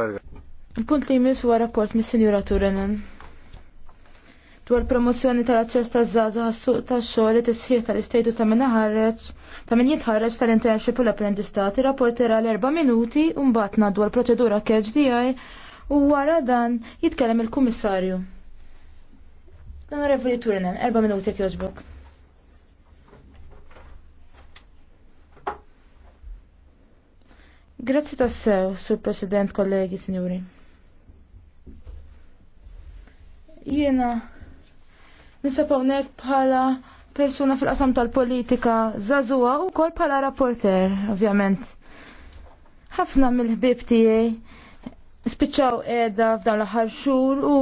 Il-punt li jmiss huwa rapport mis-Sinjura Turenen dwar promozzjoni tal-aċċess taż żgħażagħ għas-suq tax-xogħol tisħiħ tal istejtu ta' min ħareġ ta' min jitħarreġ tal-internship u l-apprendistati rapportera l erba' minuti u mbagħad ngħaddu l-proċedura KHDI u wara dan jitkellem il-Kummissarju. L-Onorevoli Turinen, erba' minuti jekk jogħġbok. Grazzi tassew, Sur President, kollegi, signori. Jiena nisab hawnhekk bħala persuna fil-qasam tal-politika zazuwa u kol bħala rapporter, ovvjament. Ħafna mill-ħbib tiegħi spiċċaw qiegħda f'dan l-aħħar xhur u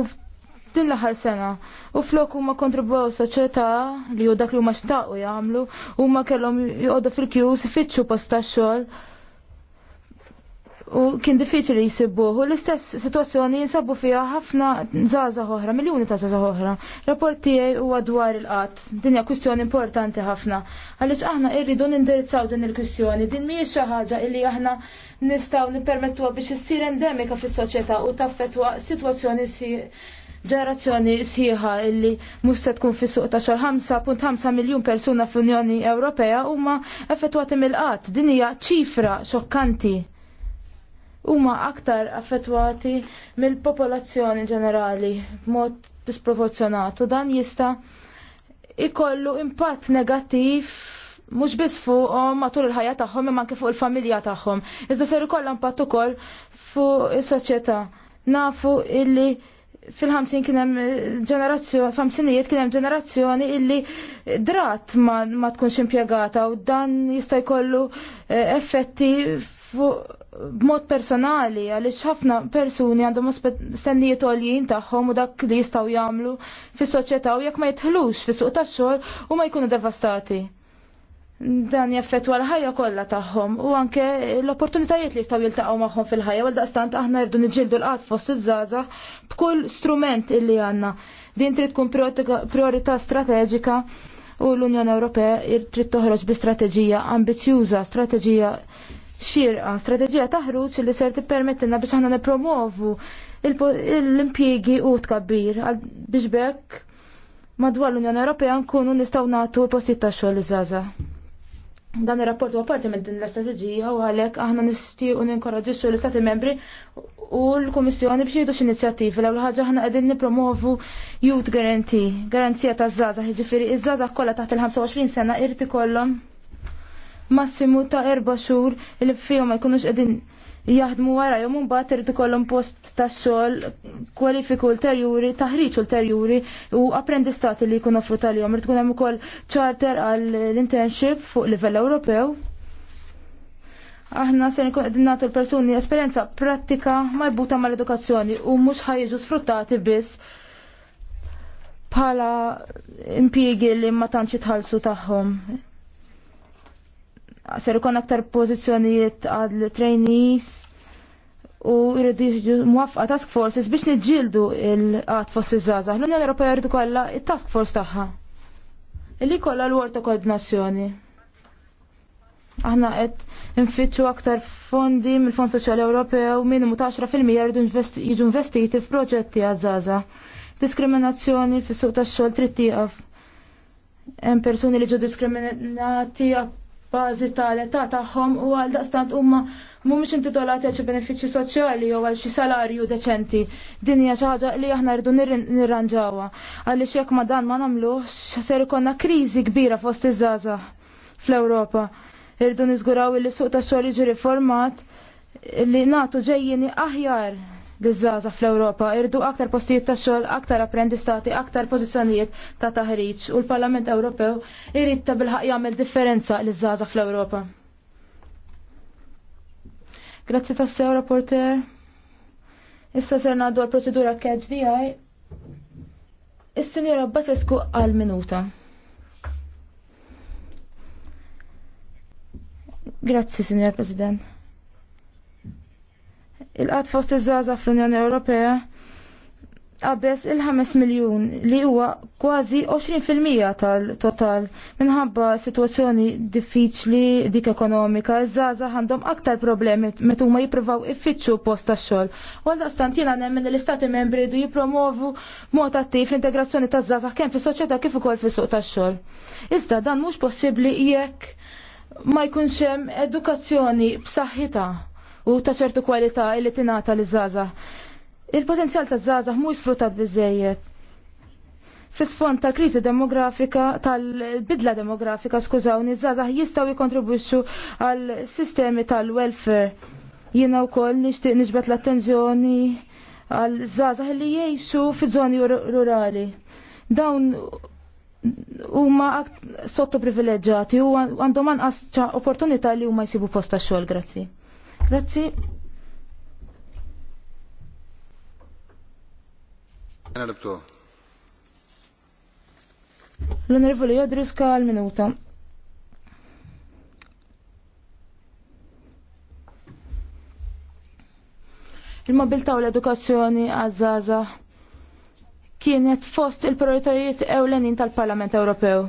din l-aħħar sena. U flok huma kontribwew soċjetà li hu dak li huma xtaqu jagħmlu huma kellhom joqogħdu fil-kjus ifittxu post tax-xogħol u kien diffiċli jisibuħ u l-istess situazzjoni jinsabu fija ħafna zaza oħra, miljoni ta' zaza oħra. Rapport tiegħi huwa dwar il-qatt, dinja kwistjoni importanti ħafna. Għaliex aħna irridu nindirizzaw din il-kwistjoni, din mhijiex xi ħaġa illi aħna nistgħu nippermettuha biex issir endemika fis-soċjetà u situazzjoni sitwazzjoni ġenerazzjoni sħiħa illi mhux se tkun fis suq ta' xar 5.5 miljun persuna fl-Unjoni Ewropea huma effettwati mill-qatt. Din hija ċifra xokkanti huma aktar affettwati mill-popolazzjoni ġenerali b'mod disproporzjonat u dan jista' ikollu impatt negattiv mhux biss fuqhom matul il-ħajja tagħhom imma anke fuq il-familja tagħhom. Iżda ser ikollha impatt ukoll fuq is-soċjetà. Nafu illi fil ħamsin kien hemm ġenerazzjoni, f'ħamsinijiet kien hemm ġenerazzjoni illi drat ma, ma tkunx impjegata u dan jista' jkollu eh, effetti fuq b'mod personali għaliex ħafna persuni għandhom stennijiet għoljien tagħhom u dak li jistgħu jagħmlu fis-soċjetà u jekk ma jitħlux fis-suq tax-xogħol u ma jkunu devastati. Dan jaffettwa l-ħajja kollha tagħhom u anke l-opportunitajiet li jistgħu jiltaqgħu magħhom fil-ħajja għal daqstant aħna rdu niġġieldu l-qatt fost iż-żgħażagħ b'kull strument illi għandna. Din trid tkun priorità strateġika u l-Unjoni Ewropea trid toħroġ bi strateġija ambizjuża, strateġija xirqa, strateġija taħruġ li ser tippermettilna biex aħna nipromovu l-impjiegi u tkabbir biex bekk madwar l-Unjoni Ewropea nkunu nistgħu nagħtu postijiet ta' xogħol iż-żgħażagħ. Dan ir-rapport huwa parti minn din l-istrateġija u għalhekk aħna nistiequ ninkoraġġixxu l-Istati Membri u l-Kummissjoni biex jieħdu x'inizjattivi l-ewwel ħaġa aħna qegħdin nippromovu Youth Guarantee, garanzija taż żaża jiġifieri iż-żgħażagħ kollha taħt il-25 sena irid ikollhom massimu ta' erba' xhur li fihom ma jkunux qegħdin jaħdmu wara jew mbagħad irid ikollhom post tax-xogħol kwalifiku ulterjuri, taħriġ ulterjuri u apprendistati li jkun offru tal-jom. Irid tkun hemm ukoll charter għall internship fuq livell Ewropew. Aħna se nkun qegħdin nagħtu l-persuni esperjenza prattika marbuta mal-edukazzjoni u mhux ħajġu sfruttati biss bħala impjiegi li ma tantx itħallsu tagħhom ser ikon aktar pożizzjonijiet għal trainees u jridu jisġu muwafqa task forces biex niġġieldu il għad fossi iż L-Unjoni Ewropea jirridu kolla il task force tagħha. Illi kolla l worta koordinazzjoni. Aħna qed infittxu aktar fondi mill-Fond Soċjali Ewropew minimu fil-mija jridu jiġu investiti f'proġetti għad żgħażagħ Diskriminazzjoni fis-suq tax-xogħol trid tieqaf hemm persuni li ġew diskriminati bażi tal-età tagħhom u għal daqstant huma mhumiex intitolati għal xi benefiċċji soċjali jew għal xi salarju deċenti. Din hija xi ħaġa li aħna rridu nirranġawha għaliex jekk ma dan ma nagħmluhx ser jkollna kriżi kbira fost iż żaża fl-Ewropa. Irridu niżguraw li suq tax-xogħol jiġi riformat li nagħtu ġejjini aħjar Bizzaza fl-Europa irdu aktar postijiet ta' xogħol, aktar apprendistati, aktar pożizzjonijiet ta' taħriġ u l-Parlament Ewropew irrit ta' bilħaq jagħmel differenza l żgħażagħ fl-Ewropa. Grazzi ta' sew rapporter. Issa ser ngħaddu għal procedura catch Is-Sinjora Basescu għal minuta. Grazzi, Signor President il-qat fost iż-żaza fl-Unjoni Ewropea qabes il-5 miljun li huwa kważi 20% tal-total minħabba situazzjoni diffiċli dik ekonomika, iż-żaza għandhom aktar problemi meta huma jippruvaw iffittxu post tax-xogħol. Għal daqstant jiena nemmen l-istati membri jdu jippromovu mod attiv l-integrazzjoni taż-żaza kemm fis-soċjetà kif ukoll fis-suq tax-xogħol. Iżda dan mhux possibbli jekk ma jkunx hemm edukazzjoni b'saħħitha u ta' ċertu kwalità li tingħata li żgħażagħ. Il-potenzjal ta' żgħażagħ mhux sfruttat biżejjed. Fis-fond tal-kriżi demografika, tal-bidla demografika, skużawni, żgħażagħ jistgħu jikkontribwixxu għal sistemi tal-welfare. Jiena wkoll nixtieq niġbed l-attenzjoni għal żgħażagħ li jgħixu fi żoni rurali. Dawn huma sottoprivileġġjati u għandhom anqas opportunità li huma jsibu posta xogħol, grazzi. Grazzi. L-onorevoli Jodriska għal-minuta. Il-mobilta u l-edukazzjoni għazzaza kienet fost il-prioritajiet ewlenin tal-Parlament Ewropew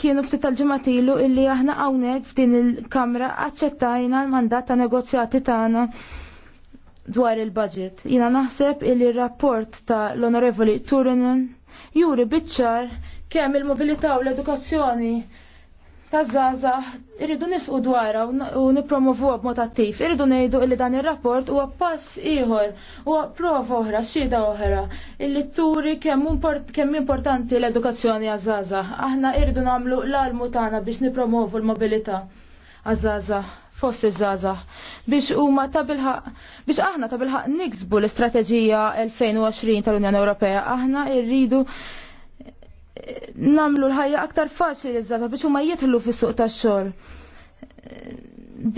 kienu ftit tal-ġematilu illi aħna hawnhekk f'din il-Kamra aċċettajna l-mandat ta' negozjati tagħna dwar il-budget. Jina naħseb illi r-rapport ta' l-Onorevoli Turinen juri biċċar kemm il-mobilità u l-edukazzjoni Tazzaza, zaza irridu nisqu dwarha u nipromovuha b'mod attiv. Irridu ngħidu li dan ir-rapport huwa pass ieħor, huwa prova oħra, xhieda oħra, illi turi kemm import, kemm importanti l-edukazzjoni għaż Aħna irridu nagħmlu l-almu tagħna biex nipromovu l-mobilità għaż-żaża fost iż-żaża biex huma ta' biex aħna ta' niksbu l-istrateġija 2020 tal-Unjoni Ewropea. Aħna rridu namlu l-ħajja aktar faċli iż-żata biex huma jidħlu fis-suq tax-xogħol.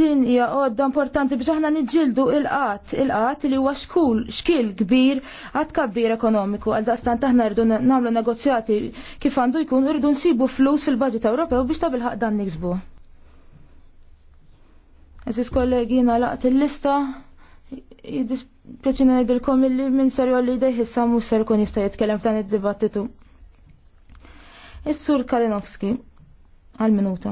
Din hija għodda importanti biex aħna niġildu il-qat, il-qat li huwa xkul, xkil kbir għad kabbir ekonomiku għal daqstant aħna rridu nagħmlu negozjati kif għandu jkun irridu nsibu flus fil-baġit Ewropew biex ta' bil-ħaq dan niksbu. Eżis kollegi laqt il-lista jiddispjaċina ngħidilkom illi minn serju li dejħissa mhux ser jkun jista' jitkellem f'dan id-dibattitu. Is-sur Kalinowski għal-minuta.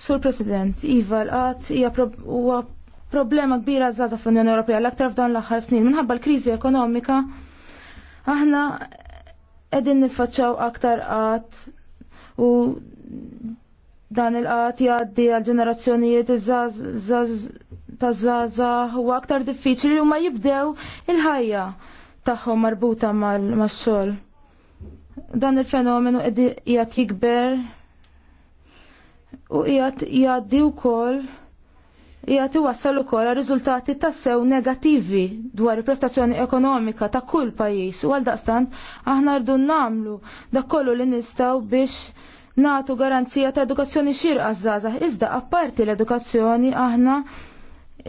Sur President, Iva l-qat hija huwa problema kbira żgħażagħ fl-Unjoni Ewropea l-aktar f'dan l-aħħar snin minħabba l-kriżi ekonomika aħna qegħdin niffaċċaw aktar qatt u dan il-qat jgħaddi għal ġenerazzjonijiet ta' zaza u aktar diffiċli u ma jibdew il-ħajja tagħhom marbuta mal-xogħol. Dan il-fenomenu qiegħed jikber u qiegħed jgħaddi wkoll qiegħed iwassal ukoll għal riżultati tassew negattivi dwar il-prestazzjoni ekonomika ta' kull pajjiż u għal daqstant aħna rdu nagħmlu dak kollu li nistgħu biex natu garanzija ta' edukazzjoni xirqa żgħażagħ. Iżda apparti l-edukazzjoni aħna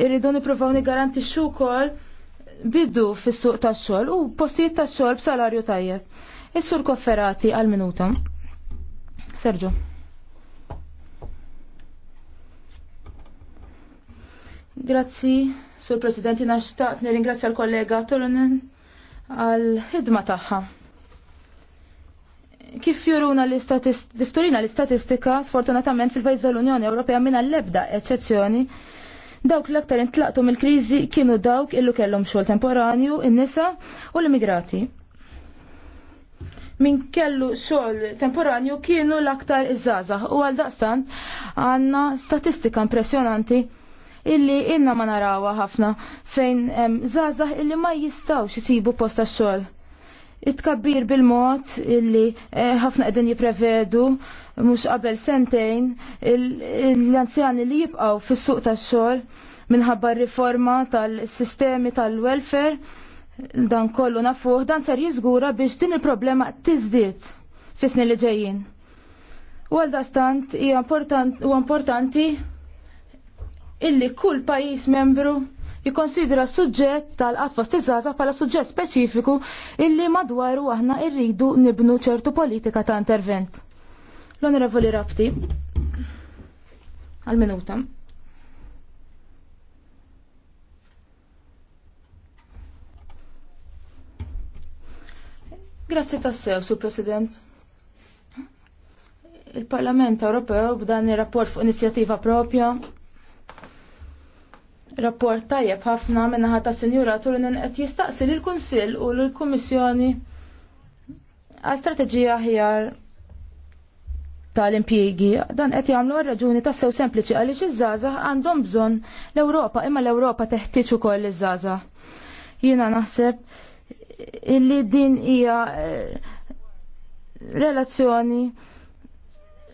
irridu ni garanti wkoll bidu fis-suq tax-xogħol u postijiet tax-xogħol b'salarju tajjeb. Is-sur kofferati għal minuta. Serġu. Grazzi, sur Presidenti, naxtaqt nirringrazzja l-kollega Tolunen għal ħidma tagħha. Kif juruna l-istatistika, l-istatistika, sfortunatament fil-pajjiż tal-Unjoni Ewropea minna l-ebda eċċezzjoni, dawk l-aktar intlaqtu mill-kriżi kienu dawk illu kellhom xogħol temporanju, in-nisa u l-immigrati. Min kellu xogħol temporanju kienu l-aktar iż-żgħażagħ u għal daqstan għandna statistika impressjonanti illi inna ma narawa ħafna fejn żgħażagħ illi ma jistgħux isibu posta xogħol it-kabbir bil-mod illi eh, ħafna qegħdin jipprevedu mhux qabel sentejn l-anzjani li jibqgħu fis-suq tax-xogħol minħabba r riforma tal-sistemi tal-welfare dan kollu nafuh dan ser jiżgura biex din il-problema tiżdied fis-snin li ġejjin. U għal dastant hija importanti illi kull pajjiż membru jikonsidra s-suġġett tal-qatfa stizzata bħala suġġett speċifiku illi madwaru aħna irridu nibnu ċertu politika ta' intervent. L-Onorevoli Rapti, għal-minuta. Grazzi tassew, Sur President. Il-Parlament Ewropew b'dan ir-rapport fuq inizjattiva propja Rapport tajjeb ħafna minnaħa ta' Sinjura Turinen qed jistaqsi lil kunsill u lill kummissjoni għal strateġija aħjar tal-impjiegi. Dan qed jagħmlu raġuni ta' sew sempliċi għaliex iż-żgħażagħ għandhom bżonn l-Ewropa imma l-Ewropa teħtieġ ukoll iż-żgħażagħ. Jiena naħseb illi din hija relazzjoni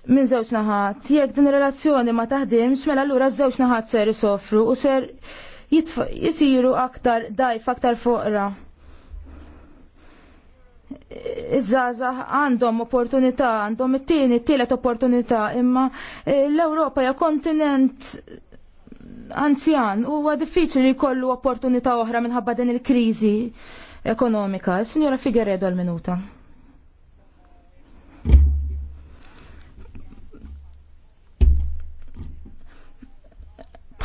minn żewġ naħat. Jekk din ir-relazzjoni ma taħdimx, mela allura żewġ naħat ser isofru u ser jisiru aktar dajf aktar foqra. Iż-żaza għandhom opportunità, għandhom it-tieni, t tielet opportunità, imma eh, l-Ewropa hija kontinent anzjan u huwa diffiċli jkollu opportunità oħra minħabba din il-kriżi ekonomika. Signora Figueredo għal-minuta.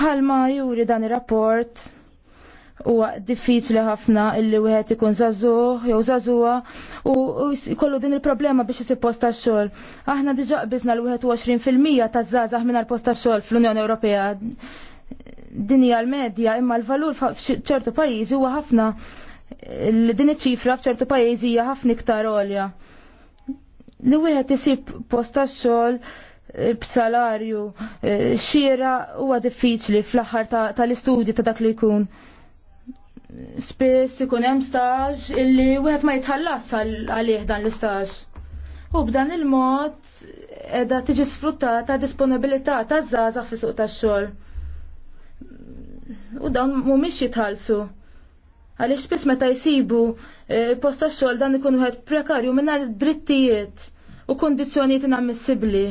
Palma juri dan ir-rapport huwa diffiċli ħafna illi wieħed ikun żagħżugħ jew zazuħa u kollu din il-problema biex isib posta xol. xogħol Aħna diġà qbiżna l-21 fil-mija ta' żgħażagħ mingħajr post xogħol fl-Unjoni Ewropea. Din hija l-medja imma l-valur f'ċertu pajjiżi huwa ħafna din iċ-ċifra f'ċertu pajjiżi hija ħafna iktar għolja. Li wieħed għet post posta xogħol b'salarju eh, xiera huwa diffiċli fl-aħħar tal-istudji ta' dak li jkun. Spiss ikun hemm staġ illi wieħed ma jitħallas għalih dan l-istaġ. U b'dan il-mod edha tiġi sfruttata disponibilità ta' żgħażagħ fi suq tax-xogħol. U dawn mhumiex jitħallsu. Għaliex spiss meta jsibu eh, post tax-xogħol dan ikun wieħed prekarju mingħajr drittijiet u kundizzjonijiet inammissibbli.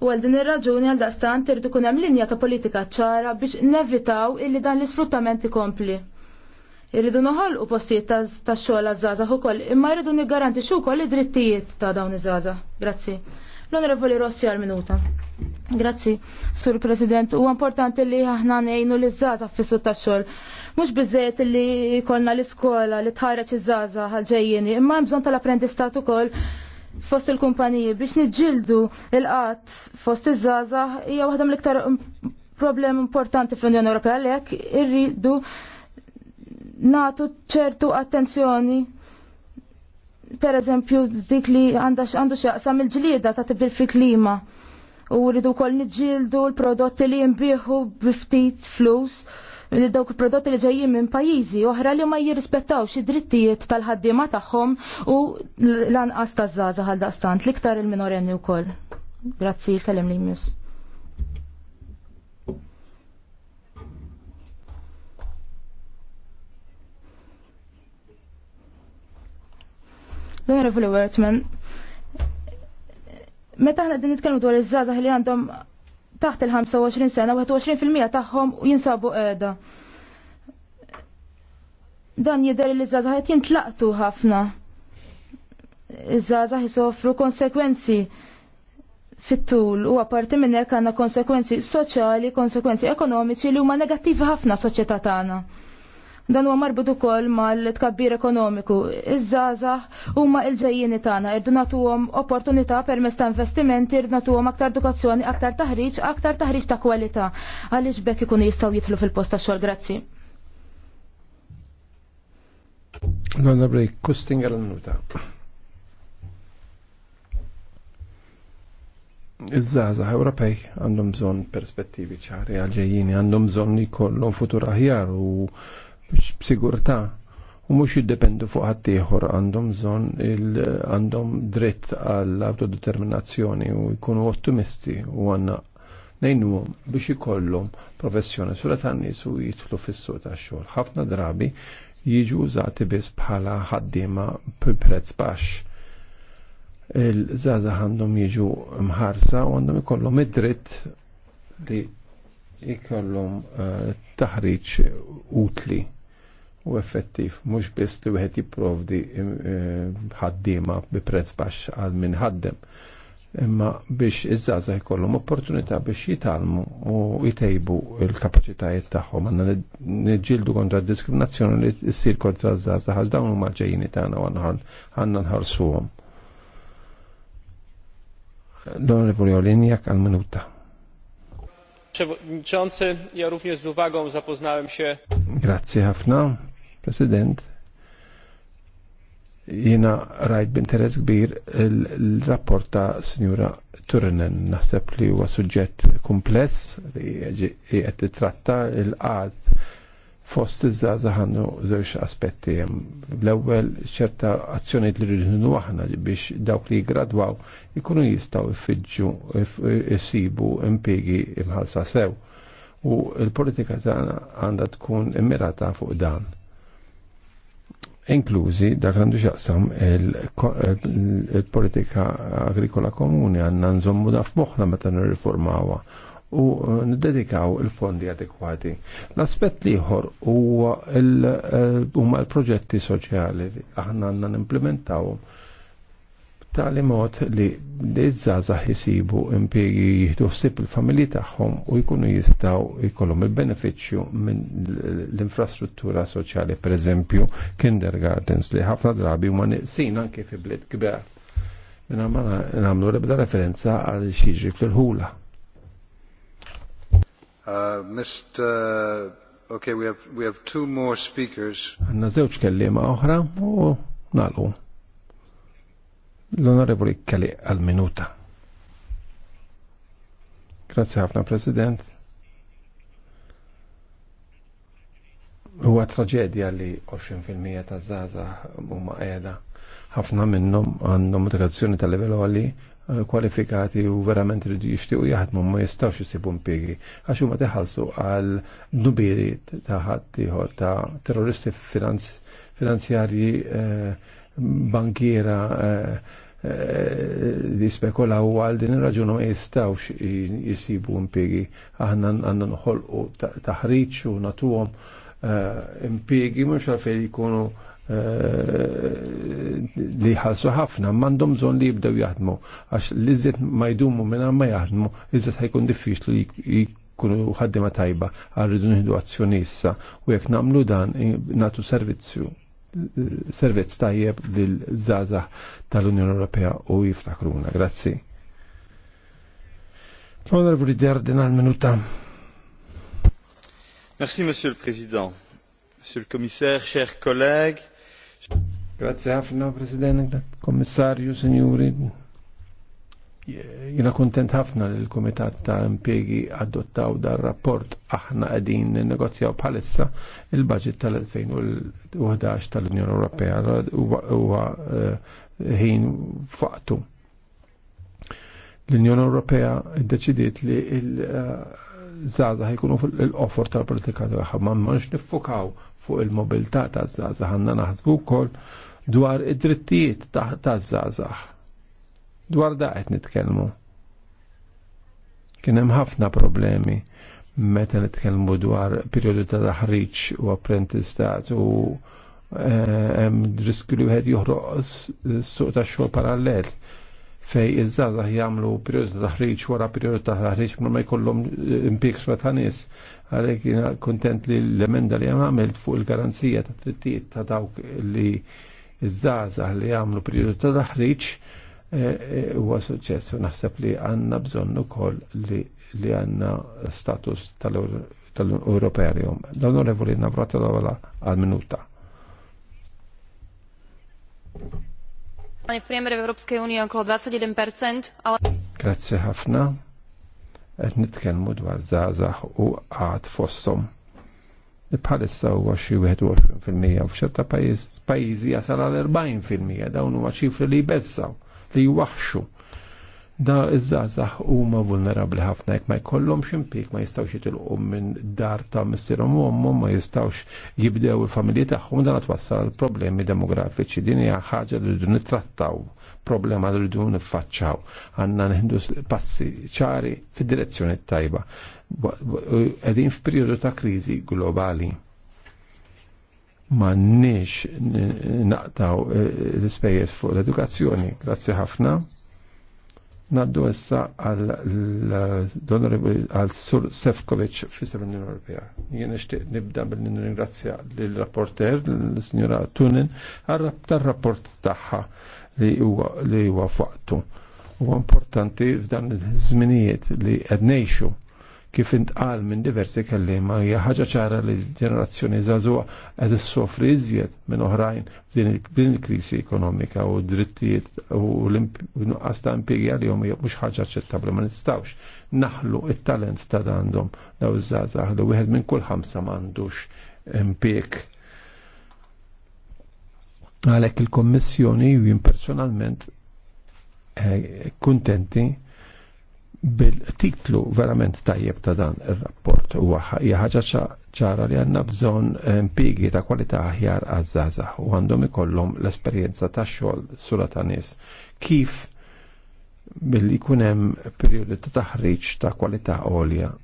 U għal din ir-raġuni għal daqstan irdu kun hemm linja ta' politika ċara biex nevitaw illi dan l-isfruttament ikompli. Irridu noħolqu postijiet ta' xogħol għaż-żgħażagħ ukoll, imma jridu niggarantixxu wkoll id-drittijiet ta' dawn iż-żgħażagħ. Grazzi. L-Onorevoli Rossi għal minuta. Grazzi, Sur President. U importanti li aħna ngħinu li z fis fissu tax-xogħol. Mhux bizzet li jkollna l-iskola li tħareġ iż-żgħażagħ għal ġejjeni, imma jmżon bżonn tal-apprendistat ukoll fost il-kumpaniji biex niġġildu il qat fost iż żaza hija waħda mill-iktar problem importanti fl-Unjoni Ewropea għalhekk irridu nagħtu ċertu attenzjoni per eżempju dik li għandu x'jaqsam il-ġlieda ta' tibdil fi klima u rridu wkoll niġġieldu l-prodotti li jinbieħu biftit flus dawk il-prodotti li ġejjin minn pajjiżi oħra li ma jirrispettawx id-drittijiet tal-ħaddiema tagħhom u lanqas taż-żgħażagħ għal daqstant l-iktar il-minorenni wkoll. Grazzi, kellem li mis. Wertman, meta ħna din nitkellmu dwar iż-żgħażagħ li għandhom taħt il-25 sena 21% tagħhom jinsabu qiegħda. Dan jider li żgħażagħ jintlaqtu ħafna. iż jisofru konsekwenzi fit-tul u apparti minn hekk konsekwenzi soċjali, konsekwenzi ekonomiċi li huma negattivi ħafna soċjetà tagħna. Dan huwa marbut ukoll mal-tkabbir ekonomiku. Iż-żgħażagħ huma l-ġejjieni tagħna irdu nagħtuhom opportunità permezz ta' investimenti, irdu nagħtuhom aktar edukazzjoni, aktar taħriġ, aktar taħriġ ta' kwalità għaliex bekk ikunu jistgħu jidħlu fil-post xogħol Grazzi. L-Onorevoli Kustinger l-Nuta. Iż-żaza Ewropej għandhom bżonn perspettivi ċari għal ġejjini, għandhom bżonn jkollhom futur aħjar u b'sigurtà u mhux jiddependu fuq ħaddieħor għandhom bżonn għandhom dritt għall autodeterminazzjoni u jkunu ottimisti u għandna nejnuhom biex ikollhom professjoni sura ta' nies u jidħlu fis-suq tax-xogħol. Ħafna drabi jiġu użati biss bħala ħaddiema b'prezz baxx. Il-żaza għandhom jiġu mħarsa u għandhom ikollhom id-dritt li ikollhom eh, taħriġ utli u effettiv, mux biss li wieħed jipprovdi eh, eh, ħaddiema bi prezz baxx għal min ħaddem. Imma biex iż-żgħażagħ jkollhom opportunità biex jitalmu u jtejbu l-kapaċitajiet tagħhom għandna niġġieldu kontra d-diskriminazzjoni li ssir kontra ż-żgħażagħ għal dawn huma ġejjini tagħna u għandna nħarsuhom. L-Onorevoli Olinjak għal minuta. Przewodniczący, ja również z uwagą zapoznałem się. Grazie Hafna. President, jina rajt b'interess kbir il-rapport ta' Sinjura Turnen, Naħseb li huwa suġġett kumpless li qed titratta il-qad fost iż-żgħażagħ għandu żewġ aspetti hemm. L-ewwel ċerta azzjonijiet li rridu aħna biex dawk li jgradwaw ikunu jistgħu jfiġġu jsibu impjegi imħalsa sew. U l-politika tagħna għandha tkun immirata fuq dan inklużi dak għandu xaqsam il-politika agrikola komuni għanna nżommu da f'moħna meta nirriformawa u uh, ndedikaw il-fondi adekwati. L-aspett liħor huwa uh, l-proġetti soċjali aħna għanna n-implementawum tali mod li l-izzazah jisibu impiegi jihdu f'sib il-familji tagħhom u jkunu jistaw ikollhom il-benefiċċju minn l-infrastruttura soċjali, per eżempju, kindergartens li ħafna drabi huma neqsin anke fi bliet kbar. Minna ma nagħmlu rebda referenza għal xiġri fil-ħula. Uh, Mr. Okay, we have, we have two more speakers. Għanna zewċ kellima oħra u nalgħu. L-Onorevoli Kelly għal-minuta. Grazie ħafna, President. Huwa traġedja li 20% ta' zaza huma qiegħda. Ħafna minnhom għandhom edukazzjoni tal livell għali eh, kwalifikati u verament li jixtiequ jaħdmu ma jistgħux isibu mpigi għax huma teħallsu għal nubiri ta' ħadd ta' terroristi finanzjarji eh, bankiera li eh, eh, spekulaw għal din il-raġunu ma jistawx jisibu impiegi. Aħna għanna nħolqu taħriċ u natuhom eh, impiegi mhux għalfejn jkunu li ħalsu ħafna, m'għandhom zon li jibdew jaħdmu, għax li zet ma jdumu minna ma jaħdmu, iżet ħajkun diffiċ li jkunu ħaddima tajba, għarridu nħidu issa u jek namlu dan, natu servizzju servizz tajjeb lil-żaza tal-Unjoni Ewropea u jiftakruna. Grazzi. Onorevoli Dardin għal minuta. Merci, Monsieur le Président. Monsieur le Commissaire, chers collègues. Grazie ħafna, Presidente, Commissario, Signori, jina kontent ħafna li l-Komitat ta' impiegi adottaw dar rapport aħna qegħdin negozjaw bħalissa il-budget tal-2011 tal-Unjoni Ewropea huwa eh, ħin faqtu. L-Unjoni Ewropea ddeċidiet li l-żaza ħajkunu il offer tal-politika tagħha ma mhux niffukaw fuq il-mobilità taż-żaza ħanna naħsbu wkoll dwar id-drittijiet taż-żazax dwar da qed nitkellmu. Kien hemm ħafna problemi meta nitkellmu dwar perjodu ta' taħriġ u apprentistat u eh, hemm riskju li wieħed joħroq suq tax-xogħol parallel fej iż-żgħażagħ jagħmlu perjodu ta' taħriġ wara perjodu ta' taħriġ ma jkollhom eh, impjeg sura ta' nies għalhekk jiena kuntent li l-emenda li hemm għamilt fuq il-garanzija ta' trittijiet ta' dawk li iż-żgħażagħ li jagħmlu perjodu ta' taħriġ Eh, eh, huwa suċċess u naħseb li għandna bżonn ukoll li li għandna status tal-Ewropea li jom. L-Onorevoli għal-minuta. Priemer Europejskiej Unii około 21%, ale... Grazie ħafna. Qed nitkellmu dwar żgħażagħ u għad fosthom. Bħalissa huwa xi 21% u f'xerta pajjiżi jasal għal 40% dawn huwa ċifri li jbessaw li jwaħxu da iż-żazax huma vulnerabbli ħafna jekk ma jkollhomx impik ma jistgħux jitilqu minn dar ta' missierhom u omhom ma jistgħux jibdew il-familji tagħhom dan twassal problemi demografiċi din hija ħaġa li rridu nittrattaw problema li rridu niffaċċaw għandna nħindu passi ċari fid-direzzjoni tajba qegħdin f'perjodu ta' kriżi globali mannix naqtaw eh, l-ispejjeż fuq l-edukazzjoni. Grazzi ħafna. Naddu issa għal Sur Sefkovic fis l-Unjoni Ewropea. Jien nixtieq nibda bil ringrazzja lill-rapporter, l-Sinjora Tunin, tar-rapport tagħha li huwa li huwa faqtu. Huwa importanti f'dan iż-żminijiet li qed ngħixu kif intqal minn diversi kellima hija ħaġa ċara li ġenerazzjoni żagħżugħa qed issofri iżjed minn oħrajn din il-krisi ekonomika u drittijiet u l l-inqas ta' impjegi li hija mhux ħaġa aċċettabbli ma nistgħux naħlu it-talent ta' għandhom daw iż-żgħażagħ li wieħed minn kull ħamsa m'għandux impjeg Għalhekk il-kommissjoni jien personalment eh, kuntenti. eh, bil-titlu verament tajjeb ta' dan il-rapport u ħaġa ċara li għanna bżon eh, impigi ta' kwalità aħjar għazzaza u għandhom ikollhom l-esperjenza ta' xogħol sura ta' nis kif billi kunem periodi ta' taħriġ ta' kwalità għolja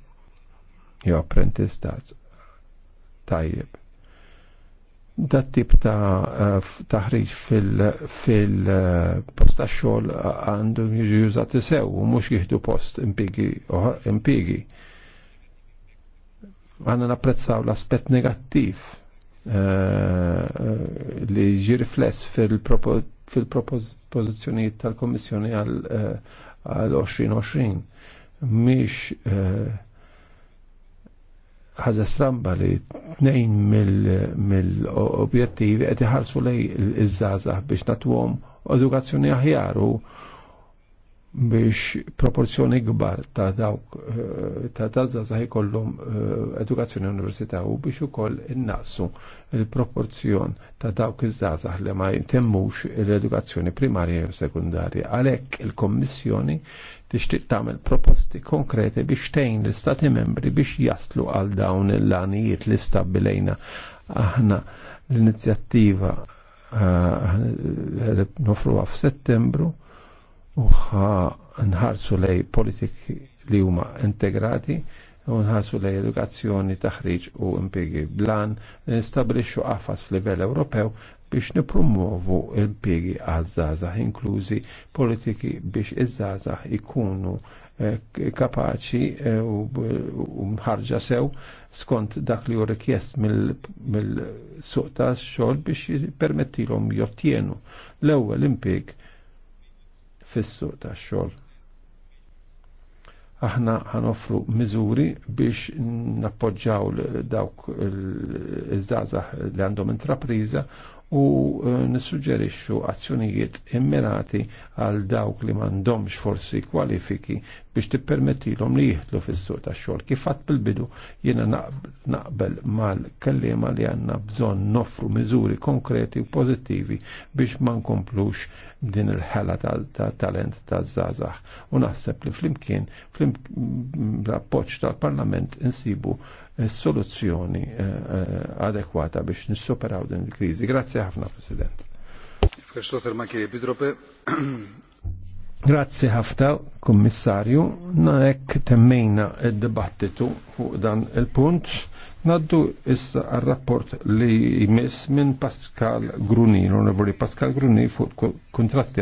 jew apprentistat tajjeb dat tip ta' eh, taħriġ fil-posta fil, eh, xogħol eh, għandu jużat sew u mhux jieħdu post impigi impigi. Għanna napprezzaw l-aspett negattiv li ġi rifless fil-propożizzjonijiet fil propożizzjonijiet tal komissjoni għal 2020 Mish, uh, ħaġa stramba li tnejn mill-objettivi qed iħarsu lej iż-żgħażagħ biex nagħtuhom edukazzjoni aħjar u biex proporzjoni kbar ta' dawk eh, ta' żgħażagħ ikollhom eh, edukazzjoni università u biex ukoll innaqsu il-proporzjon ta' dawk iż-żgħażagħ li ma jtemmux l-edukazzjoni primarja u sekundarja. Għalhekk il-Kommissjoni tixtieq tagħmel proposti konkreti biex tgħin l-Stati membri biex jaslu għal dawn l-għanijiet li stabbilejna aħna l-inizjattiva eh, nofruha f'Settembru u nħarsu lej politiki li huma integrati unħasu lej edukazzjoni, taħriġ u impiegi blan nistabrixxu qafas f'livell Ewropew biex nipromuovu impiegi għaż-żgħażagħ inklużi politiki biex iż-żgħażagħ ikunu eh, kapaċi eh, u mħarġa sew skont dak li hu rikjest mill-suq tax-xogħol biex jippermettilhom jottienu l-ewwel impieg fis-suq tax-xogħol aħna ħanoffru miżuri biex nappoġġaw dawk iż-żgħażagħ li għandhom intrapriża u eh, nissuġġerixxu azzjonijiet immirati għal dawk li m'għandhomx forsi kwalifiki biex tippermettilhom li jieħdlu fis-suq tax-xogħol. Kif fatt bil-bidu jiena naqbel mal-kellima li għandna bżonn noffru miżuri konkreti u pożittivi biex ma nkomplux din il-ħela ta' talent ta' żgħażagħ. U naħseb li flimkien fl-appoġġ tal-Parlament insibu soluzzjoni eh, eh, adekwata biex nissuperaw din il krizi Grazie ħafna, President. Grazie ħafna, Kummissarju. Naek temmejna il dibattitu fuq dan il-punt. Naddu issa għal-rapport li jmiss minn Pascal Gruni, l-onorevoli Pascal Gruni fuq kontratti